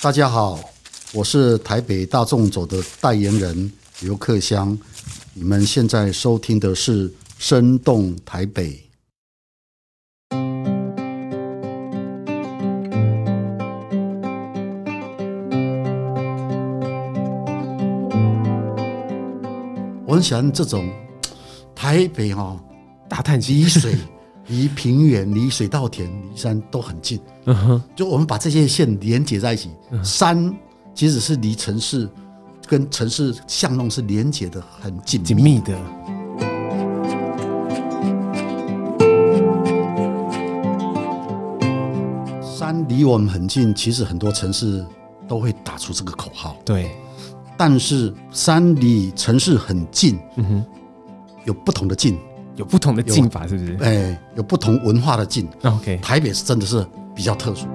大家好，我是台北大縱走的代言人劉克襄。你們現在收聽的是《聲動台北》。我很喜歡這種台北哈、哦，大潭積水。 離平原、離水稻田、離山都很近，uh huh. 就我們把這些線連接在一起。Uh huh. 山其實是離城市跟城市巷弄是連接的很近密，緊密的。山離我們很近，其實很多城市都會打出這個口號。對，但是山離城市很近，嗯哼、uh，huh. 有不同的近。有不同的進法，有是不是？哎、欸，有不同文化的進。OK，台北是真的是比較特殊。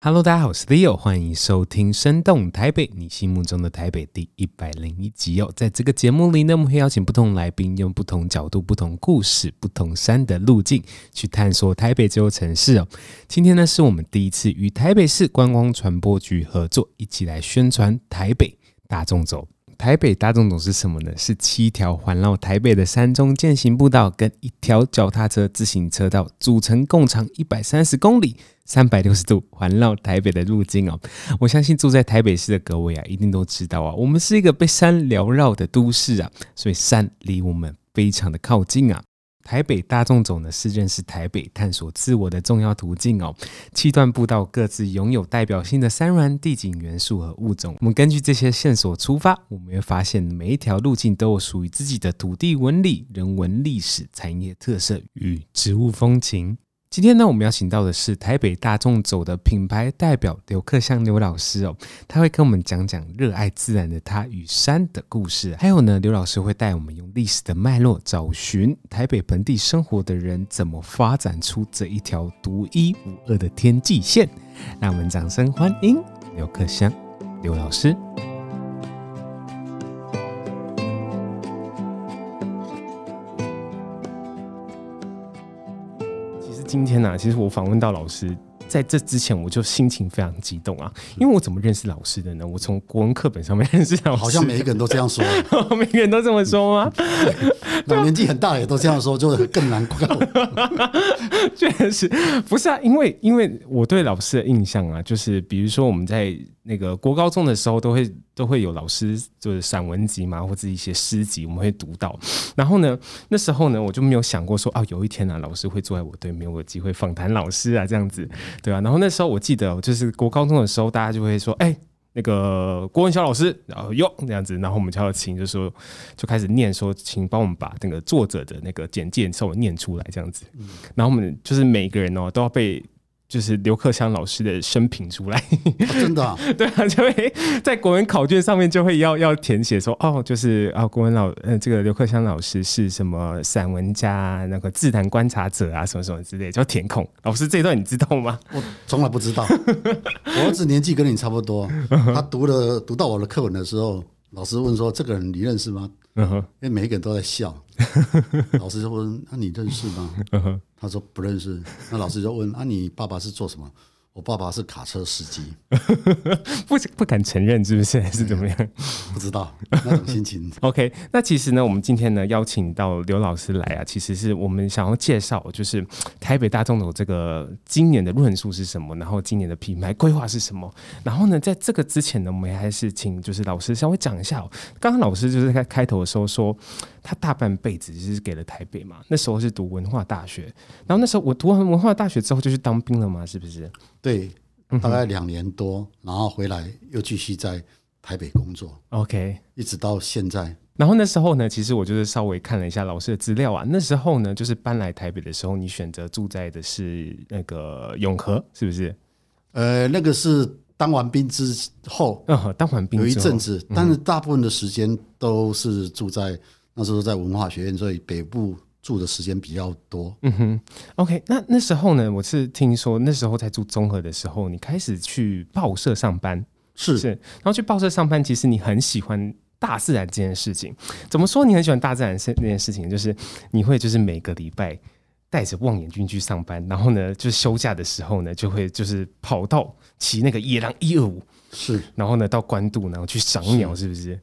Hello，大家好，我是 Leo，歡迎收聽《聲動台北》，你心目中的台北第一百零一集哦。在這個節目裡呢，我們會邀請不同來賓，用不同角度、不同故事、不同山的路徑去探索台北這座城市哦。今天呢，是我們第一次與台北市觀光傳播局合作，一起來宣傳台北大縱走。台北大縱走是什麼呢？是七條環繞台北的山中健行步道跟一條腳踏車自行車道組成，共長一百三十公里，三百六十度環繞台北的路徑哦。我相信住在台北市的各位啊，一定都知道啊，我們是一個被山繚繞的都市啊，所以山離我們非常的靠近啊。台北大縱走的是認識台北、探索自我的重要途徑哦。七段步道各自擁有代表性的山巒、地景元素和物種，我們根據這些線索出發，我們會發現每一條路徑都有屬於自己的土地紋理、人文歷史、產業特色與植物風情。今天呢，我們邀請到的是台北大縱走的品牌代表劉克襄。劉老師哦，他會跟我們講講熱愛自然的他與山的故事。還有呢，劉老師會帶我們用歷史的脈絡，找尋台北本地生活的人怎麼發展出這一條獨一無二的天際線。讓我們掌聲歡迎劉克襄、劉老師。今天呢、啊，其實我訪問到老師，在這之前我就心情非常激動啊，因為我怎麼認識老師的呢？我從國文課本上面認識老師，好像每一個人都這樣說、啊， 每個人都這麼說嗎？嗯哎、老年紀很大也 都這樣說，就會更難過。 確實，不是啊，因為因為我對老師的印象啊，就是比如說我們在那個國高中的時候都會。都會有老師就是散文集嘛，或者一些詩集，我們會讀到。然後呢，那時候呢，我就沒有想過說，啊，有一天呢、啊，老師會坐在我對面，我有機會訪談老師啊，這樣子，對吧、啊？然後那時候我記得，就是國高中的時候，大家就會說，哎、欸，那個國文小老師，然後喲這樣子，然後我們就要請，就說就開始念說，請幫我們把那個作者的那個簡介稍微念出來，這樣子。然後我們就是每一個人哦，都要被。就是劉克襄老師的生平出來、啊，真的、啊， 對啊，就會在國文考卷，上面就會要要填寫說，哦，就是啊、哦，國文老，呃、這個劉克襄老師是什麼散文家，那個自然觀察者啊，什麼什麼之類，叫填空。老師，這一段你知道嗎？我從來不知道。 我兒子年紀跟你差不多，他讀了讀到我的課文的時候，老師問說這個人你認識嗎？嗯哼因為每一個人都在笑。 老師就問：“那、啊、你認識嗎？” uh huh. 他說：“不認識。”那老師就問：“那、啊、你爸爸是做什麼？”我爸爸是卡車司機， 不不敢承認，是不是？還是怎麼樣？ 不知道那種心情。 OK，那其實呢，我們今天呢，邀請到劉老師來啊，其實是我們想要介紹，就是。台北大縱走的這個今年的論述是什麼？然後今年的品牌規劃是什麼？然後呢，在這個之前呢，我們還是請就是老師稍微講一下、哦。剛剛老師就是開開頭的時候說，他大半輩子就是給了台北嘛。那時候是讀文化大學，然後那時候我讀完文化大學之後就去當兵了嘛，是不是？對，大概兩年多，然後回來又繼續在台北工作。OK，、嗯、哼一直到現在。然後那時候呢，其實我就是稍微看了一下老師的資料啊。那時候呢，就是搬來台北的時候，你選擇住在的是那個永和，呃、是不是？呃，那個是當完兵之後，呃、當完兵之後有一陣子，但是大部分的時間都是住在、嗯、哼那時候在文化學院，所以北部住的時間比較多。嗯哼，OK。那那時候呢，我是聽說那時候在住中和的時候，你開始去報社上班，是是。然後去報社上班，其實你很喜歡大自然這件事情，怎麼說？你很喜歡大自然是那件事情，就是你會就是每個禮拜帶着望遠鏡去上班，然後呢，就是休假的時候呢，就會就是跑到騎那個野狼一二五，是，然後呢，到關渡然後去賞鳥，是，是不是？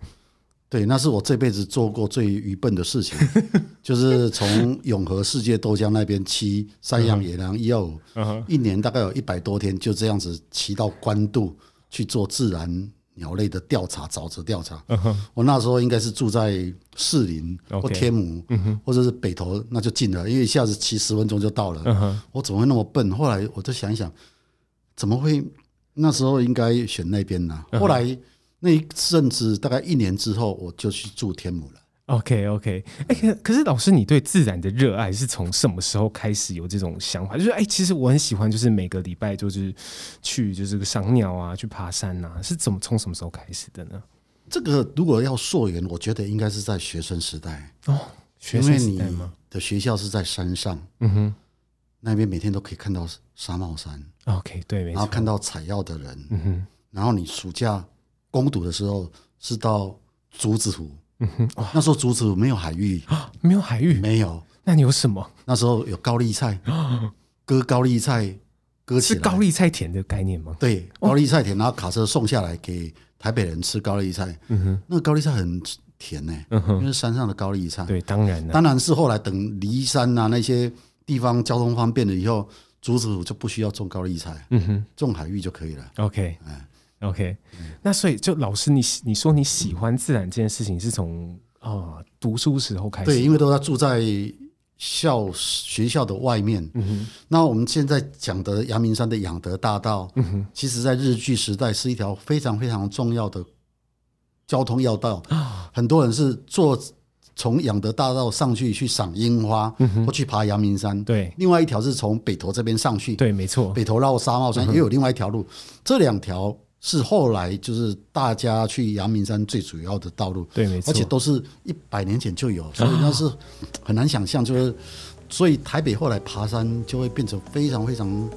對，那是我這輩子做過最愚笨的事情， 就是從永和世界豆漿那邊騎山羊野狼一二五，huh、一年大概有一百多天就這樣子騎到關渡去做自然鳥類的調查，沼澤調查。Uh huh. 我那時候應該是住在士林或天母，okay. uh huh. 或者是北投，那就近了，因為一下子騎十分鐘就到了。Uh huh. 我怎麼會那麼笨？後來我就想一想，怎麼會那時候應該選那邊呢、啊？後來那一陣子大概一年之後，我就去住天母了。OK，OK，哎，可、okay, okay. 欸、可是老師，你對自然的熱愛是從什麼時候開始有這種想法？就是，哎、欸，其實我很喜歡，就是每個禮拜就是去就是個賞鳥啊，去爬山吶、啊，是怎麼從什麼時候開始的呢？這個如果要溯源，我覺得應該是在學生時代哦，學生時代嗎？的學校是在山上，嗯哼，那邊每天都可以看到紗帽山。OK，對，然後看到採藥的人，嗯哼，然後你暑假工讀的時候是到竹子湖。嗯、哼，那時候竹子湖沒有海芋啊，沒有海芋，沒有。那你有什麼？那時候有高麗菜，割高麗菜割起來，是高麗菜田的概念嗎？對，高麗菜田，然後卡車送下來給台北人吃高麗菜。嗯哼，那個高麗菜很甜呢，因為山上的高麗菜。對，當然了、啊，當然是後來等離山啊，那些地方交通方便了以後，竹子湖就不需要種高麗菜，嗯哼，種海芋就可以了。OK，嗯。OK，那所以就老師你，你你說你喜歡自然這件事情是從啊、呃、讀書時候開始的？對，因為都他住在校學校的外面。嗯哼。那我們現在講的陽明山的仰德大道，嗯哼，其實在日據時代是一條非常非常重要的交通要道。啊，很多人是坐從仰德大道上去去賞櫻花，嗯哼，或去爬陽明山。對。另外一條是從北投這邊上去。對，沒錯。北投繞紗帽山也有另外一條路，嗯、哼這兩條。是後來就是大家去陽明山最主要的道路，對，而且都是一百年前就有，所以那是很難想象，啊、就是所以台北後來爬山就會變成非常非常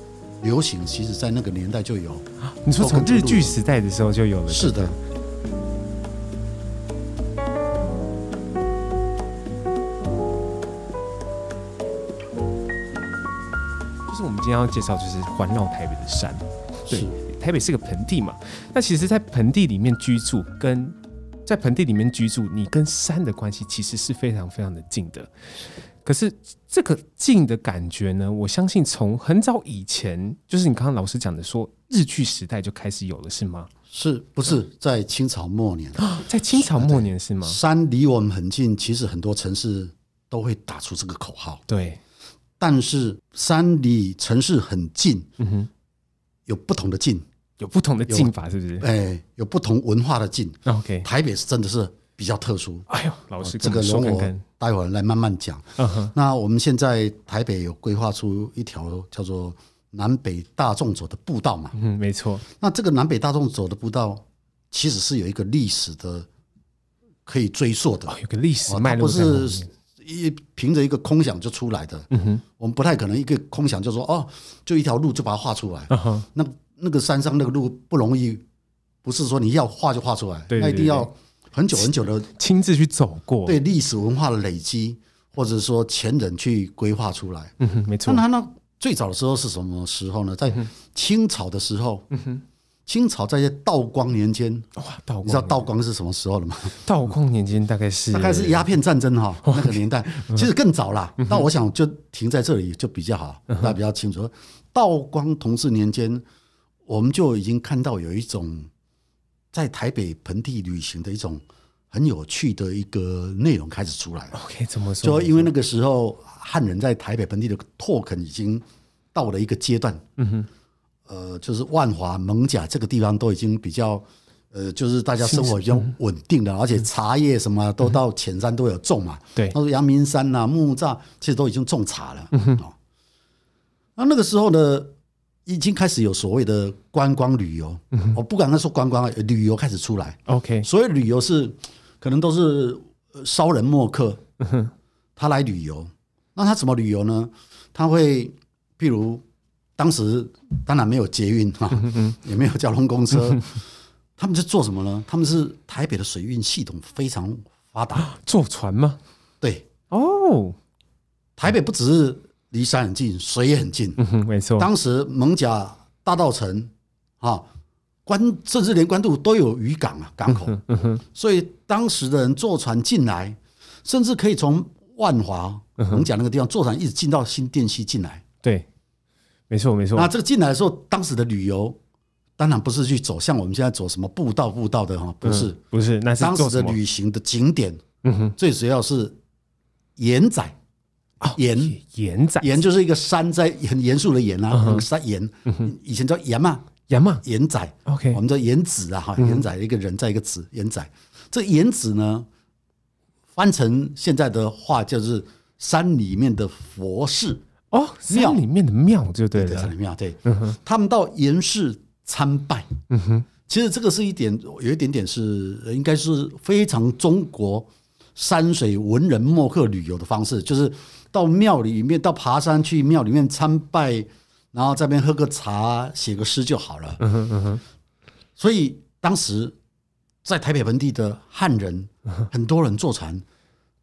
流行。其實，在那個年代就有、啊，你說從日據時代的時候就有了，是的。就是我們今天要介紹，就是環繞台北的山，對。是台北是個盆地嘛，那其實，在盆地裡面居住跟，跟在盆地裡面居住，你跟山的關係其實是非常非常的近的。可是，這個近的感覺呢，我相信從很早以前，就是你剛剛老師講的說，說日據時代就開始有了，是嗎？是不是在清朝末年？啊，在清朝末年，哦、在清朝末年是嗎？山離我們很近，其實很多城市都會打出這個口號。對，但是山離城市很近，嗯哼，有不同的近。有不同的進法，是不是？哎、欸，有不同文化的進。OK，台北是真的是比較特殊。哎呦，老師，這個容我看看待會兒來慢慢講。Uh huh、那我們現在台北有規劃出一條叫做南北大縱走的步道嘛？嗯，沒錯。那這個南北大縱走的步道，其實是有一個歷史的可以追溯的，有個歷史脈絡，huh、不是一憑着一個空想就出來的。嗯、uh huh、我們不太可能一個空想就說哦，就一條路就把它畫出來。嗯、uh huh、那。那個山上那個路不容易，不是說你要畫就畫出來，那一定要很久很久的親自去走過，對歷史文化的累積，或者說前人去規劃出來。嗯哼，沒錯。那那、嗯、最早的時候是什麼時候呢？在清朝的時候，嗯、哼清朝在一些道光年間。哇，道光你知道道光是什麼時候了嗎？道光年間大概是大概是鴉片戰爭哈、哦、 那個年代，其實更早了。那、嗯、哼我想就停在這裡就比較好，嗯、哼大家比較清楚。道光同治年間。我們就已經看到，有一種在台北盆地旅行的一種很有趣的一個內容開始出來了。OK，怎麼說？就因為那個時候漢人在台北盆地的拓墾已經到了一個階段，嗯哼，呃，就是萬華、艋舺這個地方都已經比較，呃，就是大家生活比較穩定的，嗯、而且茶葉什麼都到淺山都有種嘛。嗯、對，他說陽明山吶、啊、木柵其實都已經種茶了啊、嗯哼哦。那那個時候呢？已經開始有所謂的觀光旅遊，我、嗯、哼不管他說觀光旅遊開始出來，OK，所謂旅遊是可能都是騷人墨客，嗯、哼他來旅遊，那他怎麼旅遊呢？他會，譬如當時當然沒有捷運哈，嗯、哼也沒有交通公車，嗯、哼他們是做什麼呢？他們是台北的水運系統非常發達，坐船嗎？對，哦，台北不只是。離山很近，水也很近。嗯、哼沒錯，當時艋舺、大稻埕啊，關甚至連關渡都、都有漁港啊港口嗯。嗯哼，所以當時的人坐船進來，甚至可以從萬華、嗯、哼艋舺那個地方坐船一直進到新店溪進來。對，沒錯沒錯。那這個進來的時候，當時的旅遊當然不是去走像我們現在走什麼步道步道的哈，不是、嗯、不是，那是當時的旅行的景點。嗯哼，最主要是巖仔。岩、哦、岩仔，岩就是一個山在很嚴肅的嚴啊，很山、嗯、哼岩，以前叫岩嘛，岩嘛，岩仔。OK，、嗯、哼我們叫岩子啊，哈、嗯哼，岩仔一個人在一個子，嗯、哼岩仔。這個、岩子呢，翻成現在的話就是山裡面的佛寺哦，山裡面的廟就對了，廟對。啊對嗯、哼他們到岩寺參拜。嗯、哼其實這個是一點有一點點是應該是非常中國山水文人墨客旅遊的方式，就是。到廟裡面，到爬山去廟裡面參拜，然後在那邊喝個茶、寫個詩就好了。嗯嗯、所以當時在台北盆地的漢人，嗯、哼很多人坐船，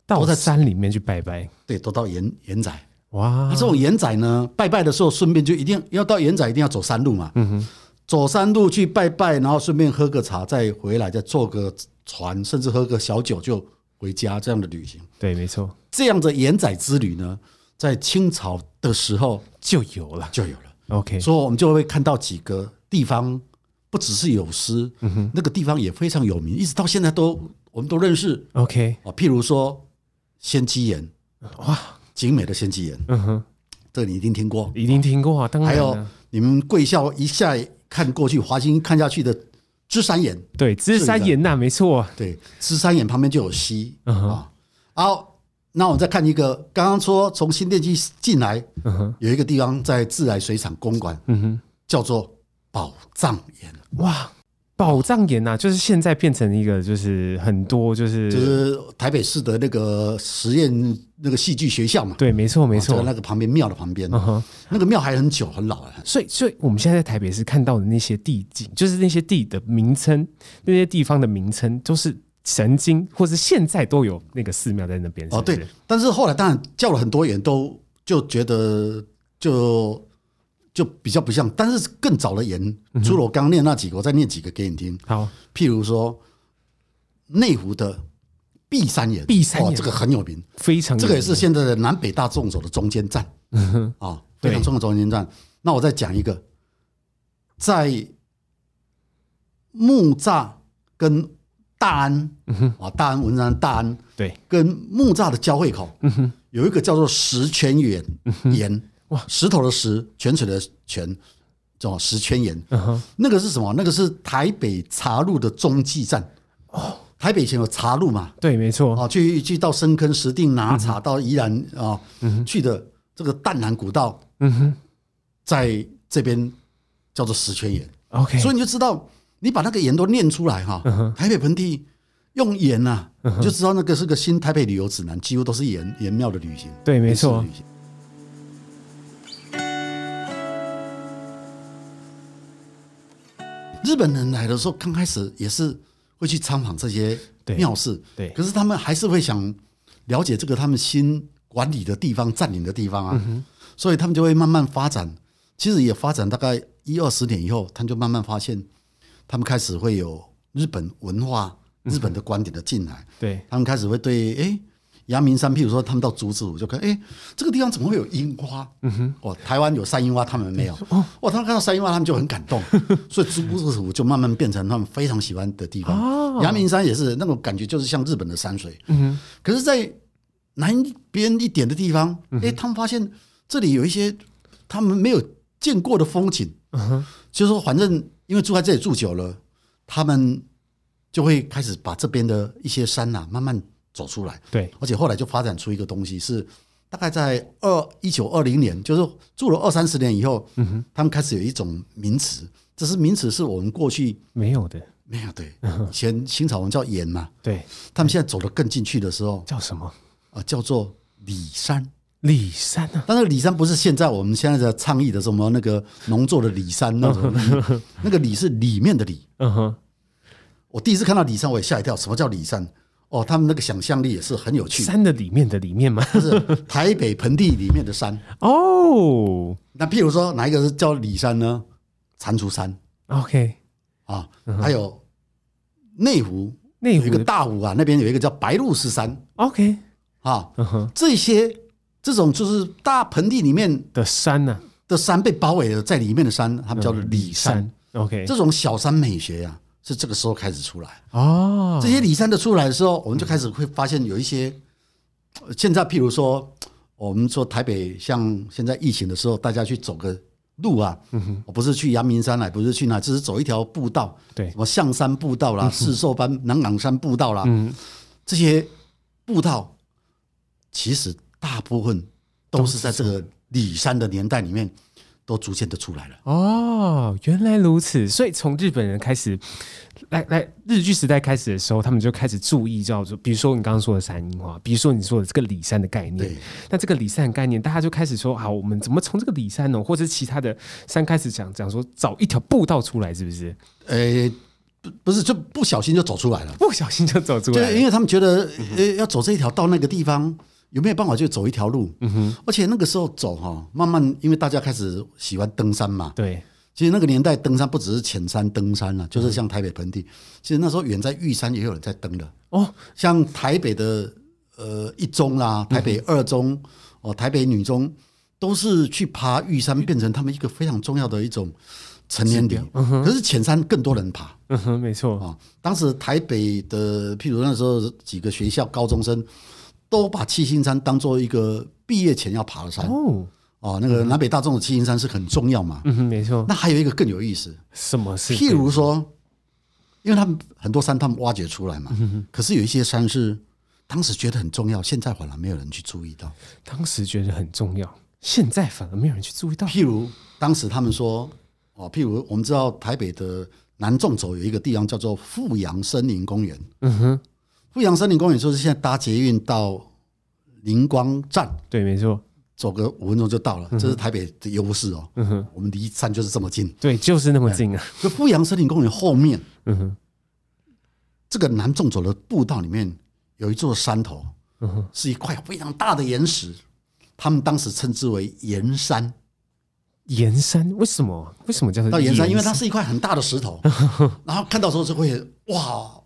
我在山裡面去拜拜。對，都到巖、巖仔。哇！啊、這種巖仔呢，拜拜的時候順便就一定要到巖仔，一定要走山路嘛。嗯、哼走山路去拜拜，然後順便喝個茶，再回來再坐個船，甚至喝個小酒就。回家這樣的旅行，對，沒錯。這樣的巖仔之旅呢，在清朝的時候就有了，就有了。OK，所以我們就會看到幾個地方，不只是有詩，嗯哼，那個地方也非常有名，一直到現在都我們都認識。OK 啊，譬如說仙跡岩，哇，景美的仙跡岩，嗯哼，這你一定聽過，一定聽過啊。當然還有你們貴校一下看過去，華興看下去的。芝山岩，對，芝山岩那、啊、沒錯錯、啊，對，芝山岩旁邊就有溪、嗯、哼 啊。好，那我們再看一個，剛剛說從新店溪進來，嗯、哼 有一個地方在自來水廠公館，嗯、哼 叫做寶藏巖，哇。寶藏巖吶、啊，就是現在變成一個，就是很多，就是就是台北市的那個實驗那個戲劇學校嘛。對，沒錯，沒錯。在那個旁邊廟的旁邊，uh huh、那個廟還很久，很老了。所以，所以我們現在在台北市看到的那些地景，就是那些地的名稱，那些地方的名稱，都是曾經或是現在都有那個寺廟在那邊。哦，對。但是後來，當然叫了很多人都就覺得就。就比較不像，但是更早的岩，除了我剛剛念那幾個，我再念幾個給你聽。好，譬如說內湖的碧山岩，哇，山這個很有名，非常有名，這個也是現在的南北大縱走的中間站啊，非常重要的中間站。那我再講一個，在木柵跟大安啊，大安文山大安對，跟木柵的交匯口有一個叫做石泉岩岩。石頭的石，泉水的泉，叫石泉巖。嗯哼、uh，huh. 那個是什麼？那個是台北茶路的中繼站。哦，台北以前有茶路嘛？對，沒錯。哦、啊，去去到深坑、石碇拿茶，到宜蘭啊，uh huh. 去的這個淡蘭古道。嗯哼、uh，huh. 在這邊叫做石泉巖。OK，所以你就知道，你把那個巖都念出來哈。啊 uh huh. 台北盆地用巖啊，你、uh huh. 就知道那個是個新台北旅遊指南，幾乎都是巖巖廟的旅行。對，沒錯。日本人來的時候，剛開始也是會去參訪這些廟寺，可是他們還是會想了解這個他們新管理的地方、占領的地方啊，嗯、哼所以他們就會慢慢發展。其實也發展大概一二十年以後，他們就慢慢發現，他們開始會有日本文化、嗯、哼日本的觀點的進來，嗯、對他們開始會對哎。誒陽明山，譬如說，他們到竹子湖就看，哎、欸，這個地方怎麼會有櫻花？嗯哼，台灣有山櫻花，他們沒有。哦，他們看到山櫻花，他們就很感動。所以竹子湖就慢慢變成他們非常喜歡的地方。啊、哦，陽明山也是那種、個、感覺，就是像日本的山水。嗯哼，可是，在南邊一點的地方，哎、欸，他們發現這裡有一些他們沒有見過的風景。嗯哼，就是說反正因為住在這裡住久了，他們就會開始把這邊的一些山吶、啊，慢慢。走出來，而且後來就發展出一個東西，是大概在二一九二零年，就是住了二三十年以後，他們開始有一種名詞，這是名詞，是我們過去沒有的，沒有對，以前清朝我們叫巖嘛，對，他們現在走得更進去的時候，叫什麼？叫做裏山，裏山啊，但是裏山不是現在我們現在在倡議的什麼那個農作的裏山那種，那個裏是裏面的裏，我第一次看到裏山我也嚇一跳，什麼叫裏山？哦，他們那個想象力也是很有趣的。山的裡面的裡面嗎？ 是台北盆地裡面的山哦。Oh. 那譬如說，哪一個是叫裡山呢？蟾蜍山。OK，uh huh. 啊，還有內湖，內湖有一個大湖啊，那邊有一個叫白鷺鷥山。OK，uh huh. 啊，這些這種就是大盆地裡面的山呢，的山被包圍了在裡面的山，他們叫做裡山。OK，這種小山美學啊。是這個時候開始出來哦，這些裏山的出來的時候，我們就開始會發現有一些。現在，譬如說，我們說台北像現在疫情的時候，大家去走個路啊，我不是去陽明山來，不是去哪，只是走一條步道，對，什麼象山步道啦、啊、四獸山，南港山步道啦、啊，這些步道，其實大部分都是在這個裏山的年代裡面。都逐漸的出來了哦，原來如此。所以從日本人開始來來日據時代開始的時候，他們就開始注意叫做，比如說你剛剛說的山櫻花，比如說你說的這個里山的概念。對那這個里山的概念，大家就開始說啊，我們怎麼從這個里山呢、哦，或者是其他的山開始講講說，找一條步道出來，是不是？呃，不是，就不小心就走出來了，不小心就走出來了，因為他們覺得、嗯、哼呃，要走這條到那個地方。有沒有辦法就走一條路？嗯哼，而且那個時候走哈、哦，慢慢因為大家開始喜歡登山嘛。對，其實那個年代登山不只是淺山登山了、啊，就是像台北盆地，嗯、其實那時候遠在玉山也有人在登的哦。像台北的呃一中啦、啊、台北二中、嗯、哼哦、台北女中，都是去爬玉山，變成他們一個非常重要的一種成年點。嗯，可是淺山更多人爬。嗯哼，沒錯啊、哦。當時台北的，譬如那時候幾個學校高中生。都把七星山當做一個畢業前要爬的山哦。Oh，哦，那個南北大眾的七星山是很重要嘛？嗯，嗯，沒錯。那還有一個更有意思，什麼事？譬如說，什麼事譬如說，因為他們很多山他們挖掘出來嘛，嗯哼。可是有一些山是當時覺得很重要，現在反而沒有人去注意到。當時覺得很重要，現在反而沒有人去注意到。意到譬如當時他們說哦，譬如我們知道台北的南縱走有一個地方叫做富陽森林公園。嗯哼。富陽森林公園就是現在搭捷運到麟光站，對，沒錯，走個五分鐘就到了，嗯、哼這是台北的優勢哦。嗯、哼我們離山就是這麼近，對，就是那麼近啊。富陽森林公園後面，嗯、哼這個南縱走的步道裡面有一座山頭，嗯、哼是一塊非常大的岩石，他們當時稱之為“岩山”。岩山為什麼？為什麼叫岩到岩山？因為它是一塊很大的石頭， 然後看到時候就會哇。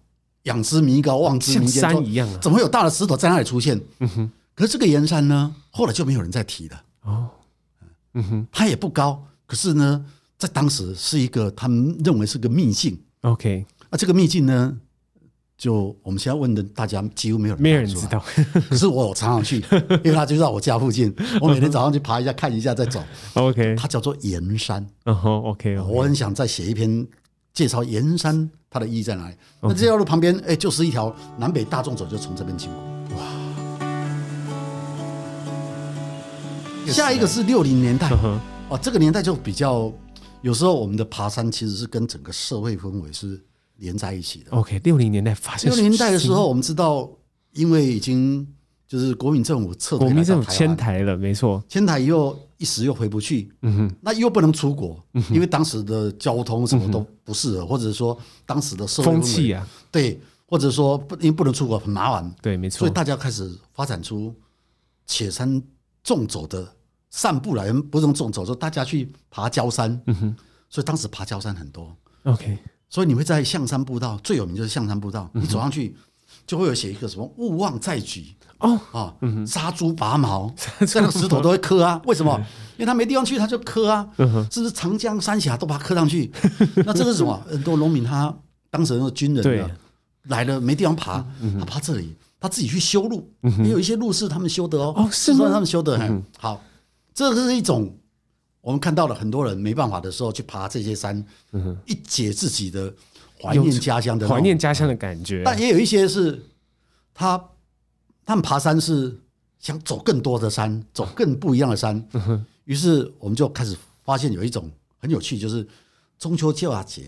仰之彌高，望之彌堅。像山一樣啊，怎麼會有大的石頭在那裡出現？嗯哼 可是這個巖山呢，後來就沒有人再提了。哦、嗯它也不高，可是呢，在當時是一個他們認為是個秘境。OK，啊，這個秘境呢，就我們現在問的大家，幾乎沒有人，沒有人知道。 可是我常常去，因為它就在我家附近，我每天早上去爬一下，看一下再走。OK，它叫做巖山。Uh huh, o、okay, k、okay. 我很想再寫一篇介紹巖山。它的意義在哪裡？那這條路旁邊，哎 Okay.、欸，就是一條南北大縱走，就從這邊經過。哇，yes, right. 下一個是六零年代、uh huh. 哦，這個年代就比較，有時候我們的爬山其實是跟整個社會氛圍是連在一起的。OK，六零年代發生。六零年代的時候，我們知道，因為已經。就是國民政府撤退來，國民政府遷台了，沒錯，遷台又一時又回不去，嗯、哼那又不能出國，嗯、哼因為當時的交通什麼都不適合，嗯、哼或者說當時的社會風氣啊，對，或者說不因為不能出國很麻煩，對，沒錯，所以大家開始發展出淺山縱走的散步來，不用縱走，說大家去爬高山，嗯、哼所以當時爬高山很多，OK，所以你會在象山步道，最有名就是象山步道，你走上去。嗯就會有寫一個什麼“勿忘在莒”哦啊，殺豬拔毛，這樣石頭都會磕啊。為什麼？因為他沒地方去，他就磕啊。是不是長江三峽都把他磕上去？那這是什麼？很多農民他當時是軍人，對，來了沒地方爬，他爬這裡，他自己去修路。也有一些路是他們修的哦，是，是他們修的很好。這是一種我們看到了很多人沒辦法的時候去爬這些山，一解自己的。懷念家鄉的懷念家鄉的感覺，但也有一些是他，他他們爬山是想走更多的山，走更不一樣的山。於、嗯、哼是我們就開始發現有一種很有趣，就是中秋節啊節，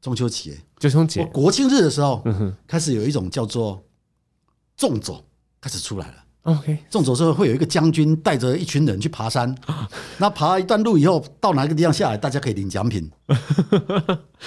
中秋節，中秋節，國慶日的時候，嗯、哼開始有一種叫做縱走開始出來了。OK，縱走之後會有一個將軍帶着一群人去爬山，那 爬一段路以後到哪個地方下來，大家可以領獎品，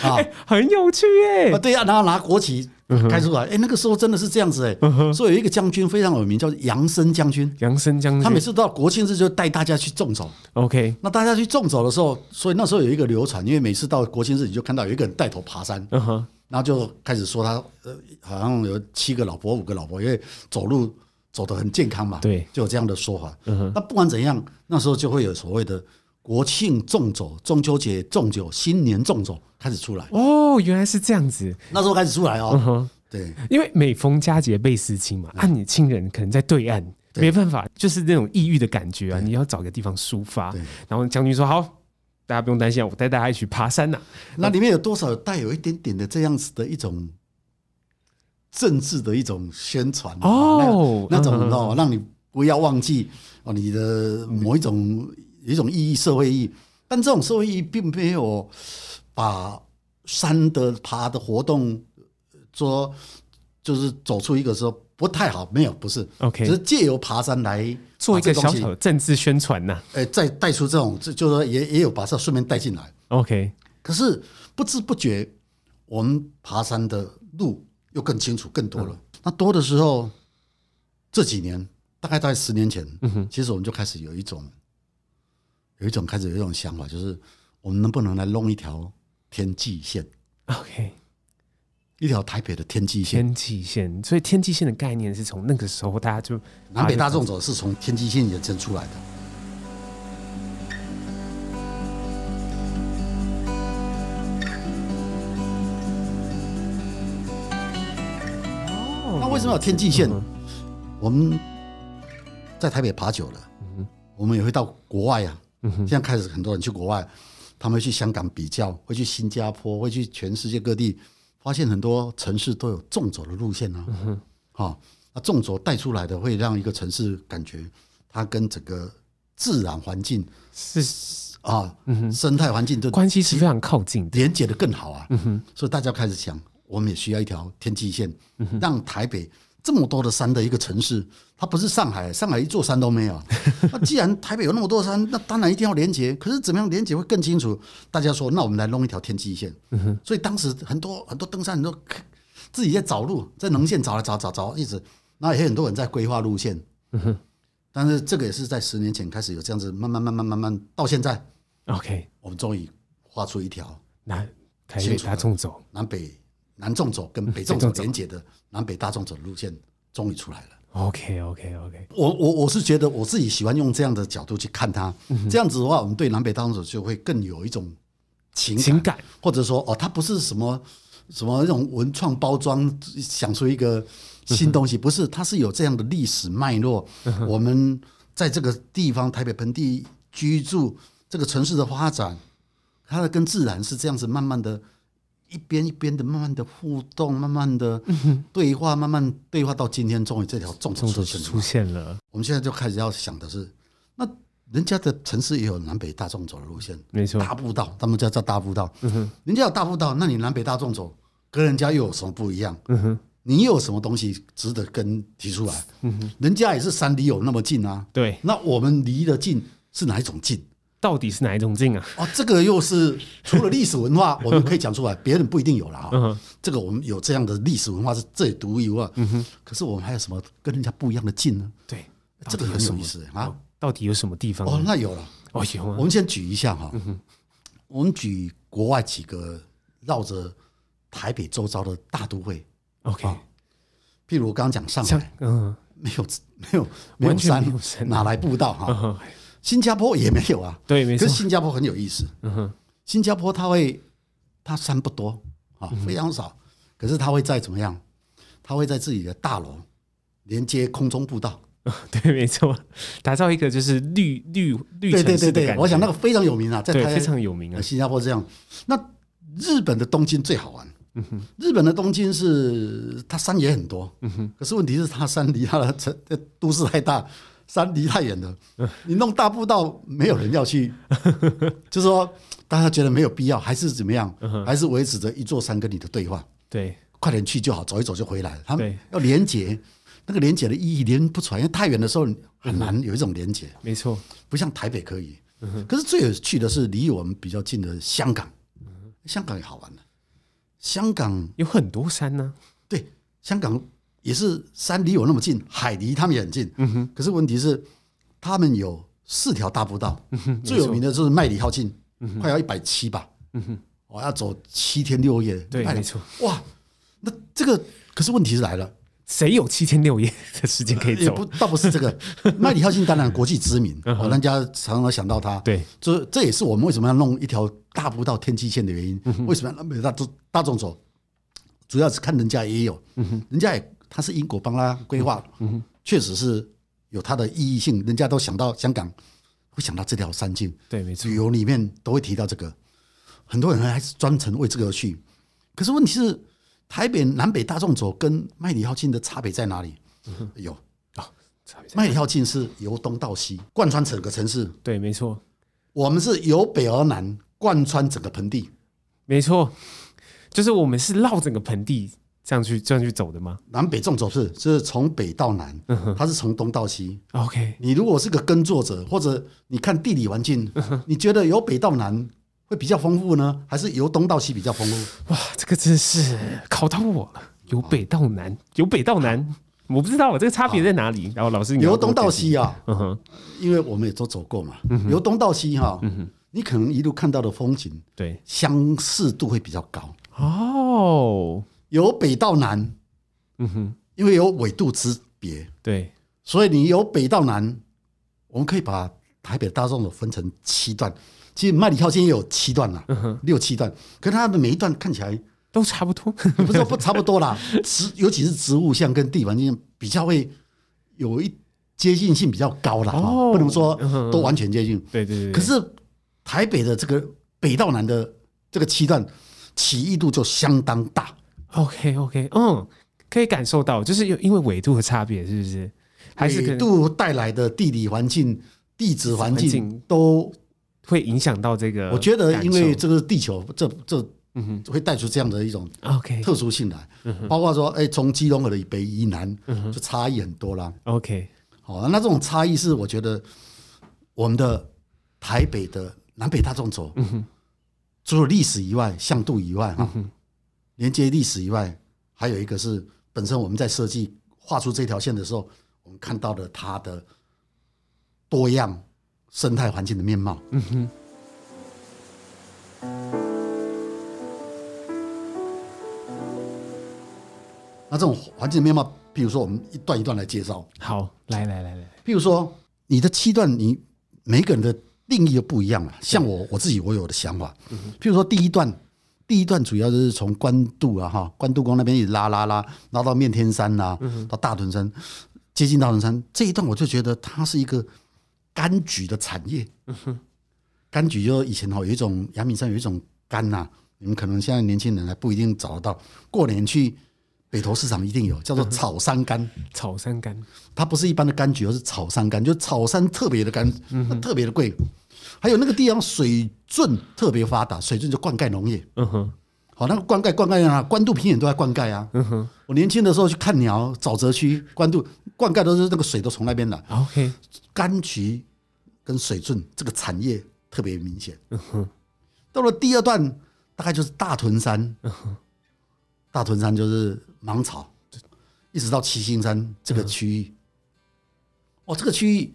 啊、 欸，很有趣哎、欸啊！對呀、啊，然後拿國旗開出來，哎、uh huh. 欸，那個時候真的是這樣子哎、欸。Uh huh. 所以有一個將軍非常有名，叫楊森將軍，楊森將軍，他每次到國慶日就帶大家去縱走。OK，那大家去縱走的時候，所以那時候有一個流傳，因為每次到國慶日你就看到有一個人帶頭爬山，uh huh. 然後就開始說他呃，好像有七個老婆五個老婆，因為走路。走得很健康嘛？對，就有這樣的說法。嗯哼，那不管怎樣，那時候就會有所謂的國慶重走、中秋節重走、新年重走開始出來。哦，原來是這樣子，那時候開始出來哦。嗯哼，對，因為每逢佳節倍思親嘛，那、嗯啊、你親人可能在對岸，對，沒辦法，就是那種抑鬱的感覺啊，對你要找個地方抒發。對然後將軍說好，大家不用擔心、啊，我帶大家一起去爬山吶、啊。那裡面有多少有帶有一點點的這樣子的一種？政治的一種宣傳哦、那個，那種哦、喔，嗯、讓你不要忘記哦，你的某一種、嗯、一種意義，社會意義。但這種社會意義並沒有把山的爬的活動說就是走出一個說不太好，沒有，不是 OK，只是借由爬山來爬這東西做一個小小政治宣傳吶、啊。哎、欸，再帶出這種，就是說也也有把這順便帶進來 OK。可是不知不覺，我們爬山的路。又更清楚更多了。嗯、那多的時候，這幾年大概在十年前，嗯、哼其實我們就開始有一種，有一種開始有一種想法，就是我們能不能來弄一條天際線？OK，一條台北的天際線。天際線，所以天際線的概念是從那個時候大家就南北大縱走，是從天際線延伸出來的。為什麼有天際線？嗯、我們在台北爬久了，嗯、哼我們也會到國外啊。現在開始很多人去國外，嗯、哼他們會去香港比較，會去新加坡，會去全世界各地，發現很多城市都有縱走的路線啊。啊、嗯哼，那縱走帶出來的會讓一個城市感覺它跟整個自然環境是、嗯、啊，生態環境的關係是非常靠近的，連接的更好啊。嗯、哼所以大家開始想。我們也需要一條天際線，讓台北這麼多的山的一個城市，嗯、哼它不是上海，上海一座山都沒有。 那既然台北有那麼多山，那當然一定要連接。可是怎麼樣連接會更清楚？大家說，那我們來弄一條天際線。嗯、哼所以當時很多很多登山人都自己在找路，在稜線找來找找找，一直。那也很多人在規劃路線。嗯、哼但是這個也是在十年前開始有這樣子，慢慢慢慢慢慢到現在。OK，我們終於畫出一條南，開始大縱走南北。南縱走跟北縱走連接的南北大縱走的路線終於出來了。OK OK OK，我我我是覺得我自己喜歡用這樣的角度去看它，嗯、哼這樣子的話，我們對南北大縱走就會更有一種情感，情感或者說哦，它不是什麼什麼那種文創包裝想出一個新東西，嗯、哼不是，它是有這樣的歷史脈絡。嗯、哼我們在這個地方台北盆地居住，這個城市的發展，它的跟自然是這樣子慢慢的。一邊一邊的慢慢的互動，慢慢的對話，慢慢對話到今天，終於這條縱走路線出現了。現了我們現在就開始要想的是，那人家的城市也有南北大眾走的路線，沒錯大步道，他們叫做大步道，嗯、哼人家有大步道，那你南北大眾走，跟人家又有什麼不一樣？嗯、哼你又有什麼東西值得跟提出來？嗯、哼人家也是山離有那麼近啊，對，那我們離得近是哪一種近？到底是哪一種境啊？哦，這個又是除了歷史文化，我們可以講出來，別人不一定有了啊。這個我們有這樣的歷史文化是這裡獨有啊。嗯哼。可是我們還有什麼跟人家不一樣的境呢？對，這個很有意思啊。到底有什麼地方？哦，那有了，我喜歡。我們先舉一下哈。嗯哼。我們舉國外幾個繞着台北周遭的大都會，OK。譬如我剛剛講上海，嗯，沒有沒有沒有山，哪來步道哈？新加坡也沒有啊，對，沒錯。可是新加坡很有意思，嗯、哼新加坡它會它山不多啊，非常少，嗯、哼可是它會在怎麼樣？它會在自己的大樓連接空中步道，對，沒錯，打造一個就是綠綠綠城市的對對對對。我想那個非常有名啊，在台灣非常有名啊，新加坡這樣。那日本的東京最好玩，嗯、哼日本的東京是它山也很多，嗯、哼可是問題是它山離它的城都市太大。山離太遠了，你弄大步道沒有人要去，就是說大家覺得沒有必要，還是怎麼樣？還是維持着一座山跟你的對話。對，快點去就好，走一走就回來了。他們要連結，那個連結的意義連不出來，因為太遠的時候很難有一種連結。沒錯，不像台北可以。可是最有趣的是離我們比較近的香港，香港也好玩的，香港有很多山呢。對，香港。也是山離我那麼近，海離他們也很近。可是問題是，他們有四條大步道，最有名的就是麥理浩徑，快要一百七吧。我要走七天六夜，沒錯。哇，那這個可是問題是來了，誰有七天六夜的時間可以走？不倒不是這個麥理浩徑，當然國際知名，人家常常想到他。對，就是這也是我們為什麼要弄一條大步道天際線的原因。為什麼要讓大眾大眾走？主要是看人家也有，人家也。他是英國幫他規劃，確、嗯嗯、實是有他的意義性。人家都想到香港，會想到這條山徑，對，沒錯。旅遊裡面都會提到這個，很多人還是專程為這個去。可是問題是，台北南北大縱走跟麥理浩徑的差別在哪裡？嗯、哼有啊，差別。麥理浩徑是由東到西，貫穿整個城市。對，沒錯。我們是由北而南，貫穿整個盆地。沒錯，就是我們是繞整個盆地。這樣去這樣去走的嗎？南北縱走是是從北到南，它是從東到西。OK，你如果是個耕作者，或者你看地理環境，你覺得由北到南會比較豐富呢，還是由東到西比較豐富？哇，這個真是考到我了。由北到南，由北到南，我不知道我，這個差別在哪裡？然後老師，由東到西啊，因為我們也都走過嘛，由東到西哈，你可能一路看到的風景，對，相似度會比較高哦。由北到南，嗯哼，因為有緯度之別，對，所以你由北到南，我們可以把臺北大縱走分成七段，其實麥理浩徑也有七段啦，嗯、哼六七段，可是它的每一段看起來都差不多，不是說不差不多啦，植 尤其是植物相跟地方性比較會有一接近性比較高了，哈、哦，不能說都完全接近，嗯、對，對對對，可是台北的這個北到南的這個七段歧異度就相當大。OK，OK，嗯，okay, okay, um, 可以感受到，就是因為緯度的差別，是不是？還是緯度帶來的地理環境、地質環境都會影響到這個。我覺得，因為這個地球，這這嗯，哼嗯哼，會帶出這樣的一種 OK 特殊性來。包括說，哎，從基隆河的以北以南，就差異很多啦。嗯嗯、OK，好、哦，那這種差異是我覺得我們的台北的南北大縱走，除了歷史以外，向度以外啊。嗯連接歷史以外，還有一個是本身我們在設計畫出這條線的時候，我們看到了它的多樣生態環境的面貌。嗯、哼那這種環境的面貌，比如說我們一段一段來介紹。好，來來來來。比如說你的七段，你每一個人的定義又不一樣了、啊。像我對我自己，我有我的想法。嗯、哼譬如說第一段。第一段主要就是從關渡啊，哈，關渡宮那邊一直拉拉拉，拉到面天山吶、啊，嗯、哼到大屯山，接近大屯山這一段，我就覺得它是一個柑橘的產業。嗯、哼柑橘就以前哈有一種陽明山有一種柑吶、啊，你們可能現在年輕人還不一定找得到。過年去北投市場一定有，叫做草山柑。嗯、草山柑，它不是一般的柑橘，而是草山柑，就草山特別的柑，嗯哼啊、特別的貴。還有那個地方水圳特別發達，水圳就灌溉農業。嗯哼、uh，huh. 好，那個灌溉灌溉在、啊、哪？關渡平原都在灌溉啊。嗯哼、uh，huh. 我年輕的時候去看鳥，沼澤區、關渡灌溉都是那個水都從那邊來。OK，柑橘跟水圳這個產業特別明顯。嗯哼、uh，huh. 到了第二段大概就是大屯山。嗯、uh huh. 大屯山就是芒草，一直到七星山這個區域。Uh huh. 哦，這個區域。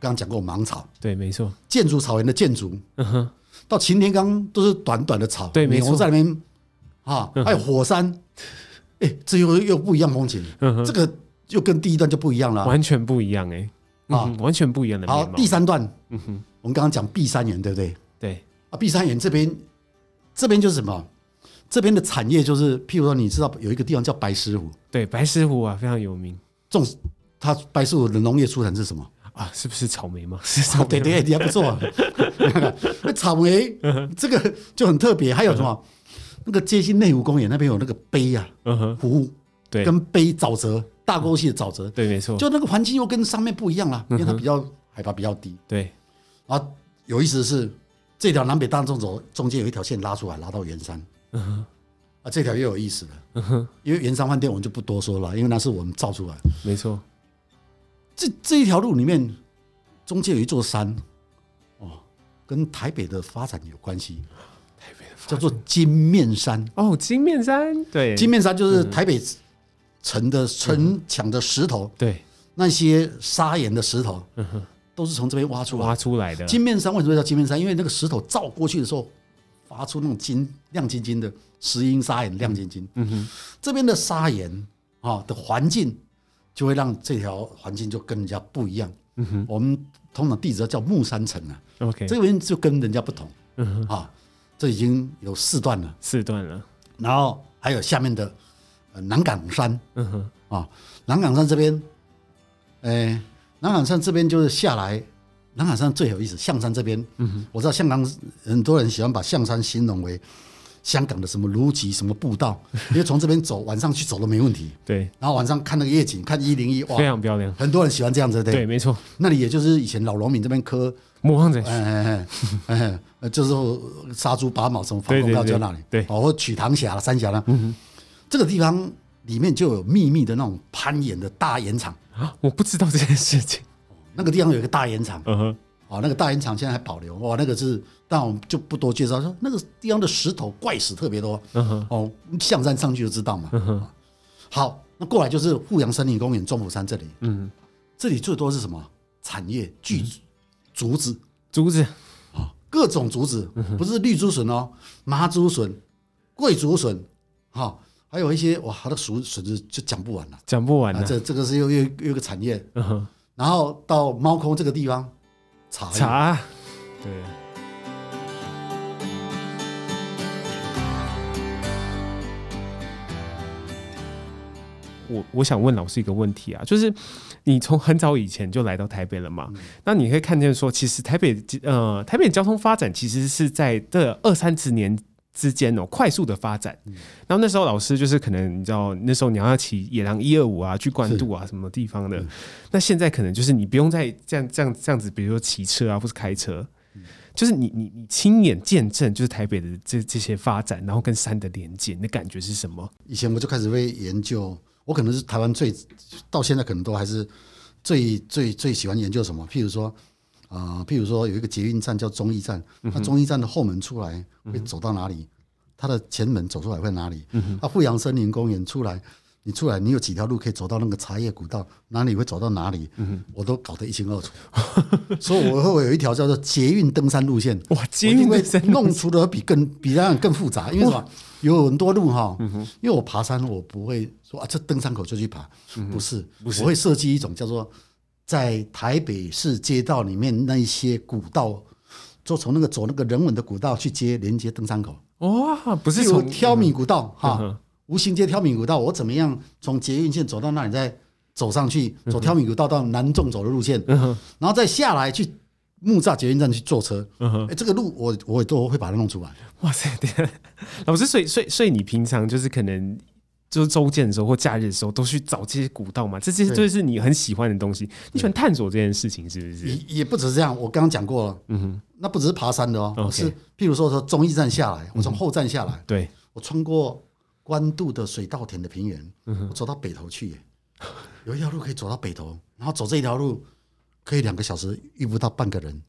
剛剛講過芒草，對，沒錯。箭竹草原的箭竹，到擎天崗都是短短的草，美國在那邊啊，還有火山，哎，這又又不一樣風景，這個又跟第一段就不一樣了，完全不一樣哎，啊，完全不一樣的。好，第三段，我們剛剛講碧山巖，對不對？對，啊，碧山巖這邊，這邊就是什麼？這邊的產業就是，譬如說，你知道有一個地方叫白石湖，對，白石湖啊，非常有名。種它白石湖的農業出產是什麼？啊，是不是草莓嘛？是草莓。對對，你還不錯。那草莓這個就很特別。還有什麼？那個街心內湖公園那邊有那個碑啊，嗯哼，湖對，跟碑沼澤大溝溪的沼澤，對，沒錯。就那個環境又跟上面不一樣啊，因為它比較海拔比較低。對，啊，有意思的是，這條南北大縱軸中間有一條線拉出來，拉到圓山。嗯，啊，這條又有意思了。因為圓山飯店我們就不多說了，因為那是我們造出來，沒錯。這這一條路裡面，中間有一座山，哦，跟台北的發展有關係，台北的發生，叫做金面山。哦，金面山，對，金面山就是台北城的城牆的石頭，嗯、對，那些砂岩的石頭，嗯哼，都是從這邊挖出挖出來的。來的。金面山為什麼叫金面山？因為那個石頭照過去的時候，發出那種金亮晶晶的石英砂岩，亮晶晶。嗯哼，這邊的砂岩啊、哦、的環境。就會讓這條環境就跟人家不一樣。嗯、哼我們通常地址，叫木山城啊，OK，這邊就跟人家不同，嗯、哼啊。這已經有四段了，四段了，然後還有下面的，呃、南港山，嗯、哼啊，南港山這邊，哎、呃，南港山這邊就是下來，南港山最有意思，象山這邊，嗯、哼我知道象山很多人喜歡把象山形容為香港的什麼盧吉什麼步道，因為從這邊走，晚上去走都沒問題。對，然後晚上看那個夜景，看一零一哇，非常漂亮。很多人喜歡這樣子的。對，沒錯，那裡也就是以前老農民這邊磕，木房子，嗯嗯嗯，就是殺豬、拔毛什麼放廣告在那裡。對，哦，去瞿塘峽了、三峽了，嗯，這個地方裡面就有秘密的那種攀岩的大岩場啊！我不知道這件事情，那個地方有一個大岩場，嗯哦，那個大巖場現在還保留哇，那個是，但我們就不多介紹。說那個地方的石頭怪石特別多，嗯、哼哦，象山上去就知道嘛、嗯哼哦。好，那過來就是富陽森林公園、中府山這裡。嗯哼，這裡最多是什麼產業？巨竹、嗯、竹子，竹子啊，各種竹子，嗯、哼不是綠竹筍哦，麻竹筍、桂竹筍，哈、哦，還有一些哇，它的筍筍子就講不完了，講不完、啊。這這個是又又又一個產業。嗯、哼然後到貓空這個地方。茶，對。我我想問老師一個問題啊，就是你從很早以前就來到台北了嘛？嗯、那你可以看見說，其實台北，呃，台北交通發展其實是在這二三十年。之間哦，快速的發展。然後那時候老師就是可能你知道，那時候你要騎野狼一二五啊，去關渡啊是什麼地方的。嗯、那現在可能就是你不用再這樣這樣這樣子，比如說騎車啊，或是開車，嗯、就是你你你親眼見證就是台北的這這些發展，然後跟山的連接。你的感覺是什麼？以前我就開始會研究，我可能是台灣最到現在可能都還是最最最喜歡研究什麼，譬如說。啊、呃，譬如說有一個捷運站叫忠義站，那忠義站的後門出來會走到哪裡？嗯、哼它的前門走出來會哪裡？嗯、哼啊，富陽森林公園出來，你出來你有幾條路可以走到那個茶葉古道？哪裡會走到哪裡？嗯、哼我都搞得一清二楚。 所以我會有一條叫做捷運登山路線。哇，捷運登山路線會弄出的比更比那樣更複雜，因為什麼有很多路哈。嗯、哼因為我爬山，我不會說啊，這登山口就去爬，嗯、哼不是，不是我會設計一種叫做。在台北市街道裡面，那一些古道，就從那個走那個人文的古道去接連接登山口。哇、哦，不是有挑米古道哈，無形街挑米古道，我怎麼樣從捷運線走到那裡再走上去，走挑米古道到南縱走的路線，嗯、哼然後再下來去木柵捷運站去坐車。嗯哼欸、這個路我我也都會把它弄出來。哇塞，老師，所以所以所以你平常就是可能。就是週間的時候或假日的時候，都去找這些古道嘛。這些就是你很喜歡的東西，對你喜歡探索這件事情是不是？也也不只是這樣，我剛剛講過了。嗯哼，那不只是爬山的哦，Okay 是譬如說從忠義站下來，我從後站下來，嗯、對，我穿過關渡的水稻田的平原，嗯、哼我走到北投去耶，有一條路可以走到北投，然後走這一條路，可以兩個小時遇不到半個人，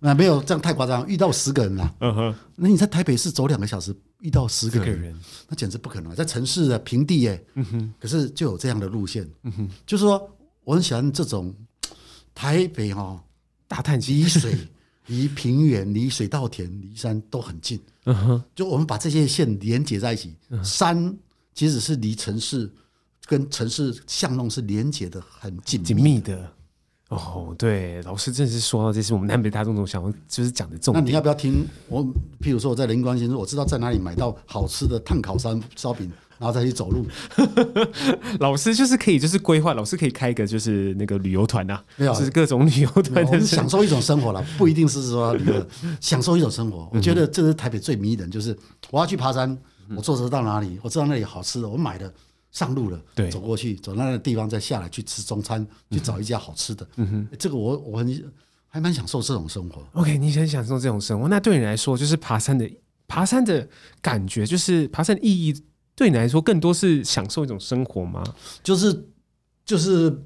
那、 啊、沒有這樣太誇張。遇到十個人了，uh huh. 那你在台北市走兩個小時遇到十個人，個人，那簡直不可能。在城市的、啊、平地耶，哎、uh，huh. 可是就有這樣的路線。Uh huh. 就是說，我很喜歡這種台北哈、哦， 大淡機水離平原、離水稻田、離山都很近。Uh huh. 就我們把這些線連接在一起，uh huh. 山其實是離城市跟城市巷弄是連接的很緊密的。哦，oh, 對，老師真是說到這是我們南北大縱走想要就是講的重點。那你要不要聽我？譬如說，我在林光先，我知道在哪裡買到好吃的炭烤山燒餅，然後再去走路。 老師就是可以，就是規劃，老師可以開一個就是那個旅游團吶、啊，沒有，就是各種旅游團有、就是，我們享受一種生活了， 不一定是說旅遊 享受一種生活。我覺得這是台北最迷人，就是我要去爬山，嗯、我坐車到哪裡，我知道那裡有好吃的，我買的。上路了，對，走過去，走到那個地方再下來去吃中餐，嗯、哼去找一家好吃的。嗯哼、欸，這個我我很還蠻享受這種生活。OK，你很享受這種生活，那對你來說就是爬山的爬山的感覺，就是爬山的意義對你來說更多是享受一種生活嗎？就是就是，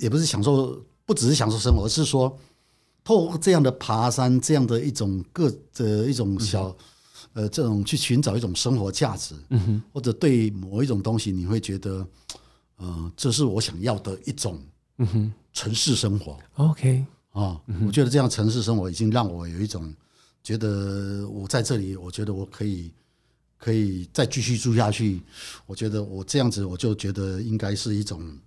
也不是享受，不只是享受生活，而是說透過這樣的爬山，這樣的一種各的一種小。嗯呃，這種去尋找一種生活價值，mm hmm. 或者對某一種東西，你會覺得，嗯、呃，這是我想要的一種城市生活。Mm hmm. OK，啊、mm hmm. 哦，我覺得這樣城市生活已經讓我有一種覺得，我在這裡，我覺得我可以可以再繼續住下去。我覺得我這樣子，我就覺得應該是一種，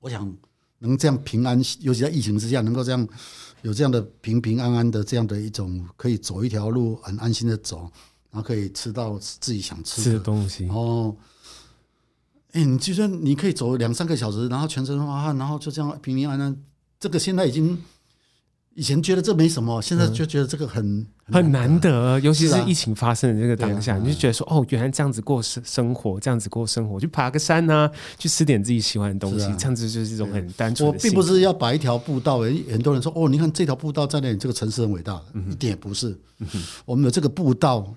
我想。能這樣平安，尤其在疫情之下，能夠這樣有這樣的平平安安的這樣的一種，可以走一條路很安心的走，然後可以吃到自己想吃的，的東西。哦，哎，你就算你可以走兩三個小時，然後全身冒汗，啊，然後就這樣平平安安，這個現在已經。以前覺得這沒什麼，現在就覺得這個很、嗯、很難得，尤其是疫情發生的這個當下，啊啊嗯、你就覺得說哦，原來這樣子過生生活，這樣子過生活，去爬個山呢、啊，去吃點自己喜歡的東西，啊、這樣子就是一種很單純的。我並不是要把一條步道誒，很多人說哦，你看這條步道在那裡，你這個城市很偉大、嗯、哼一點也不是。嗯、哼我們的這個步道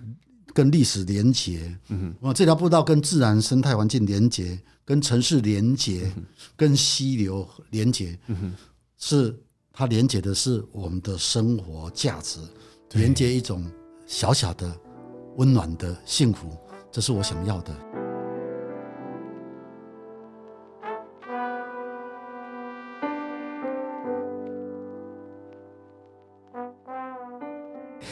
跟歷史連接，嗯哼，這條步道跟自然生態環境連接，跟城市連接，嗯、哼跟溪流連接，嗯、哼是。它連接的是我們的生活價值，連接一種小小的溫暖的幸福，這是我想要的。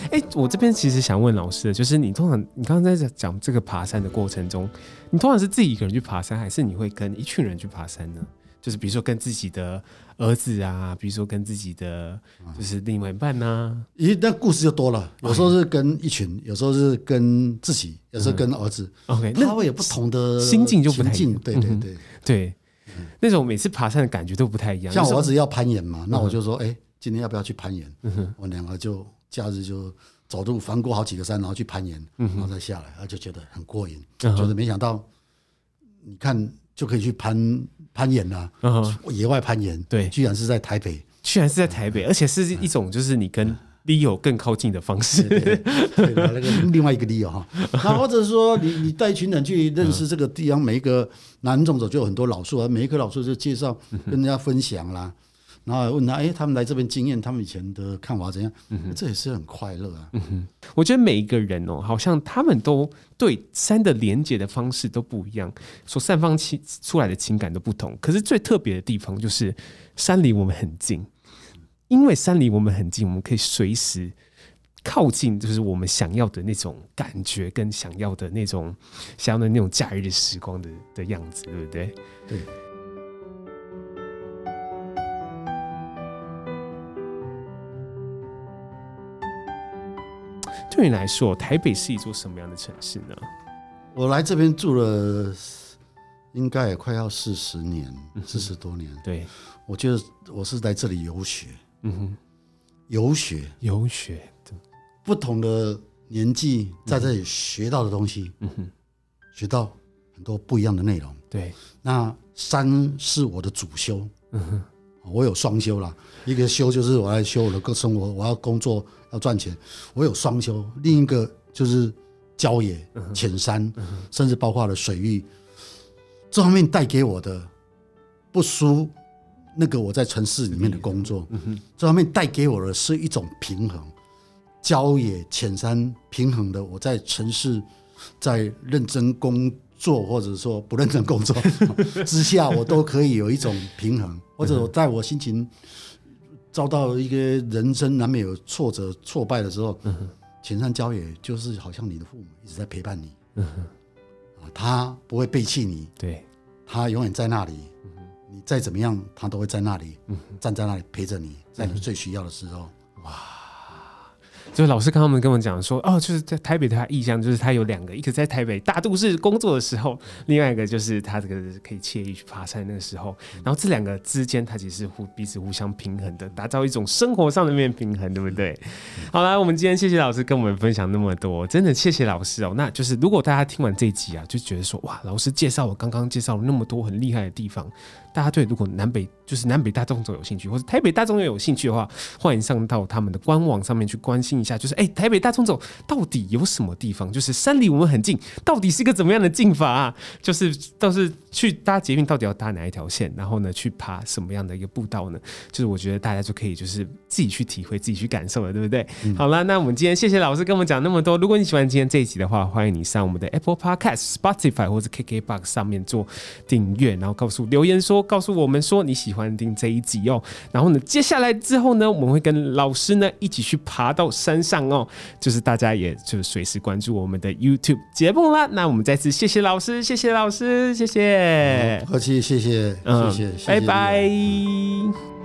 哎對、欸，我這邊其實想問老師，就是你通常你剛剛在講這個爬山的過程中，你通常是自己一個人去爬山，還是你會跟一群人去爬山呢？就是比如說跟自己的。兒子啊，比如說跟自己的就是另外一半吶，咦，那故事就多了。有時候是跟一群，有時候是跟自己，有時候跟兒子。OK，那他會有不同的心境，就不太一樣。對對對對，那種每次爬山的感覺都不太一樣。像我兒子要攀岩嘛，那我就說，哎，今天要不要去攀岩？我兩個就假日就走路翻過好幾個山，然後去攀岩，然後再下來，他就覺得很過癮。就是沒想到，你看。就可以去攀攀岩啊，uh、huh, 野外攀岩。對，居然是在台北，居然是在台北，嗯、而且是一種就是你跟 Leo 更靠近的方式，那個另外一個 Leo 哈， 或者說你你帶一群人去認識這個地方， 每一個南種族就有很多老樹、啊，每一棵老樹就介紹跟人家分享啦。 然後問他，哎，他們來這邊經驗，他們以前的看法怎樣？嗯、哼這也是很快樂啊、嗯。我覺得每一個人哦，好像他們都對山的連接的方式都不一樣，所散發出出來的情感都不同。可是最特別的地方就是，山離我們很近，因為山離我們很近，我們可以隨時靠近，就是我們想要的那種感覺，跟想要的那種想要的那種假日時光的的樣子，對不對？對、嗯。對你來說，台北是一座什麼樣的城市呢？我來這邊住了，應該也快要四十年，嗯哼，四十多年。對，我覺得我是在這裡遊學。嗯哼，遊學，遊學，對，不同的年紀在這裡學到的東西，嗯哼，學到很多不一樣的內容。對，那山是我的主修。嗯哼我有雙修啦，一個修就是我要修我的個生活，我要工作要賺錢，我有雙修；另一個就是郊野、淺山，嗯嗯、甚至包括了水域，這方面帶給我的不輸那個我在城市裡面的工作，嗯、哼這方面帶給我的是一種平衡，郊野、淺山平衡的我在城市在認真工做或者說不認真工作 之下，我都可以有一種平衡。或者在我，我心情遭到一個人生難免有挫折挫敗的時候，淺山郊野就是好像你的父母一直在陪伴你，他不會背棄你，對，他永遠在那裡，你再怎麼樣，他都會在那裡，站在那裡陪着你，在你最需要的時候，哇！就老師剛剛們跟我們講說，哦，就是在台北的印象就是他有兩個，一個在台北大都市工作的時候，另外一個就是他這個可以愜意去爬山那個時候，然後這兩個之間，他其實互彼此互相平衡的，打造一種生活上的面平衡，對不對？嗯、好，來，我們今天謝謝老師跟我們分享那麼多，真的謝謝老師哦、喔。那就是如果大家聽完這一集啊，就覺得說，哇，老師介紹我剛剛介紹了那麼多很厲害的地方。大家對如果南北就是南北大縱走有興趣，或者台北大縱走有興趣的話，歡迎上到他們的官網上面去關心一下。就是哎、欸，台北大縱走到底有什麼地方？就是山離我們很近，到底是一個怎麼樣的進法、啊？就是倒是去搭捷運到底要搭哪一條線？然後呢，去爬什麼樣的一個步道呢？就是我覺得大家就可以就是自己去體會，自己去感受了，對不對？嗯、好了，那我們今天謝謝老師跟我們講那麼多。如果你喜歡今天這一集的話，歡迎你上我們的 Apple Podcast、Spotify 或者 KKBox 上面做訂閱，然後告訴留言說。告訴我們說你喜歡聽這一集哦，然後呢，接下來之後呢，我們會跟老師呢一起去爬到山上哦，就是大家也就隨時關注我們的 YouTube 節目啦。那我們再次謝謝老師，謝謝老師，謝謝後期、嗯，謝謝，謝謝，嗯、謝謝拜拜。嗯